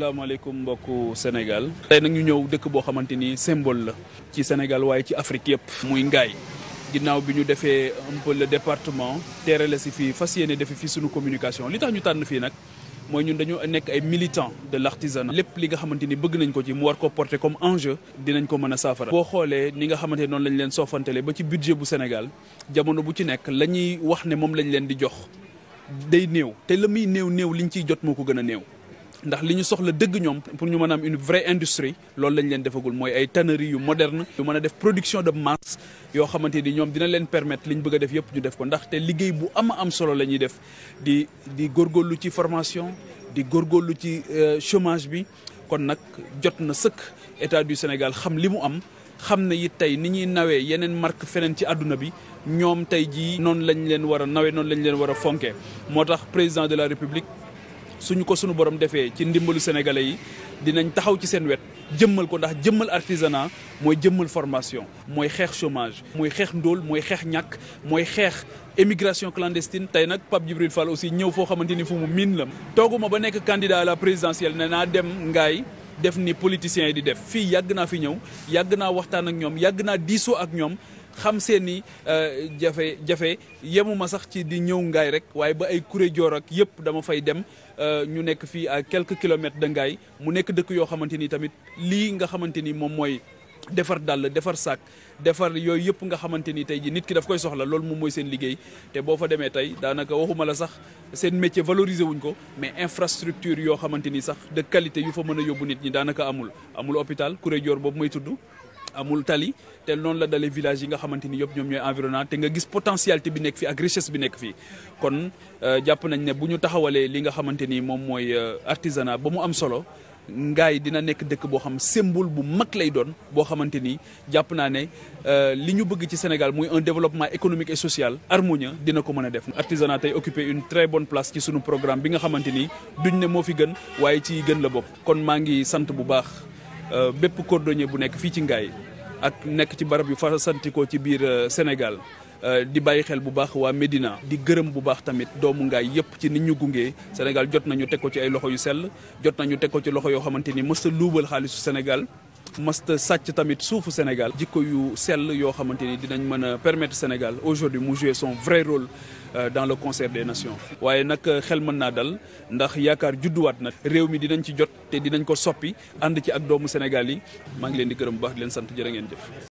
salaamaaleykum mbokku Sénégal nag ñu ñëw dëkk boo xamante ni symbole la ci Sénégal waaye ci Afrique yëpp muy Ngaye ginnaaw bi ñu defee un peu le département teere la si fii fas yéene defe fii suñu communication li tax ñu tànn fii nag mooy ñun dañu nekk ay militants de l'artisanat lépp li nga xamante ni bëgg nañ ko ci mu war ko porter comme enjeu dinañ ko mëna a saafara boo xoolee ni nga xamante noonu lañu leen soofantele ba ci budget bu Sénégal jamono bu ci nekk la ñuy wax ne moom lañ leen di jox day néew te la muy néew néew liñ ciy jot ko gën a néew ndax li ñu soxla dëgg ñoom pour ñu mën am une vraie industrie loolu lañ leen defagul mooy ay tannerie yu moderne yu mën a def production de masse yoo xamante ni ñoom dina leen permettre li ñu bëgg a def yëpp ñu def ko ndaxte liggéey bu ama am solo la ñuy def di di góorgóorlu ci formation di góor góorlu ci euh, chômage bi kon nag jot na sëkk état du Sénégal xam li mu am xam na yit tey ni ñuy nawee yeneen mark feneen ci àdduna bi ñoom tey jii noonu lañ leen war a nawee noonu lañ leen war a fonkee moo tax président de la république suñu ko suñu borom defee ci ndimbalu sénégalais yi dinañ taxaw ci seen wet jëmmal ko ndax jëmmal artisanat mooy jëmmal formation mooy xeex chômage mooy xeex ndool mooy xeex ñàkk mooy xeex émigration clandestine tey nag Pape Djibril Fall aussi ñëw foo xamante ni fu mu miin la tooguma ba nekk candidat à la présidentielle ne naa dem ngaay def ni politiciens yi di def fii yàgg naa fi ñëw yàgg naa waxtaan ak ñoom yàgg naa diisoo ak ñoom xam seen i euh, jafe jafe yemuma sax ci di ñëw ngaay rek waaye ba ay kuré joor ak yëpp dama fay dem euh, ñu nekk fii à quelque kilomètres de ngaay mu nekk dëkk yoo xamante ni tamit lii nga xamante ni moom mooy defar dàll defar saak defar yooyu yëpp nga xamante ni tey ji nit ki daf koy soxla loolu moom mooy seen liggéey te boo fa demee tey daanaka waxuma la sax seen métier valoriser wuñ ko mais infrastructure yoo xamante ni sax de qualité yu fa mën a yóbbu nit ñi daanaka amul amul hôpital kuré joor boobu may tudd amul tali te noonu la dalee village yi nga xamante ni yëpp ñoom ñooy environnement te nga gis potentialité bi nekk fii ak richesse bi nekk fii kon euh, jàpp nañ ne bu ñu taxawalee li nga xamante ni moom mooy euh, artisanat ba mu am solo ngaay dina nekk dëkk boo xam symbole bu mag lay doon boo xamante ni jàpp naa ne euh, li ñu bëgg ci Sénégal muy un développement économique et social harmonieux dina ko mën a def. artisanat tey occupé une très bonne place ci sunu programme bi nga xamante ni duñ ne moo fi gën waaye ci gën la bokk kon maa ngi sant bu baax. Euh, bépp cordonnier bu nekk fii ci Ngaye ak nekk ci barab yu fasantikoo ci biir euh, Sénégal euh, di bàyyi xel bu baax waa Médina di gërëm bu baax tamit doomu ngaay yëpp ci nit ñu gungee Sénégal jot nañu teg ko ci ay loxo yu sell jot nañu teg ko ci loxo yoo xamante ni mës a luubal xaalisu Sénégal masta sàcc tamit suufu Sénégal jikko yu sell yoo xamante ni dinañ mën a permettre Sénégal aujourd'hui mu jouer son vrai rôle euh, dans le concert des nations waaye nag euh, xel mën naa dal ndax yaakaar judduwaat na réew mi dinañ ci jot te dinañ ko soppi ànd ci ak doomu Sénégal yi maa ngi leen di gërëm bu baax di leen sant jërë ngeen jëf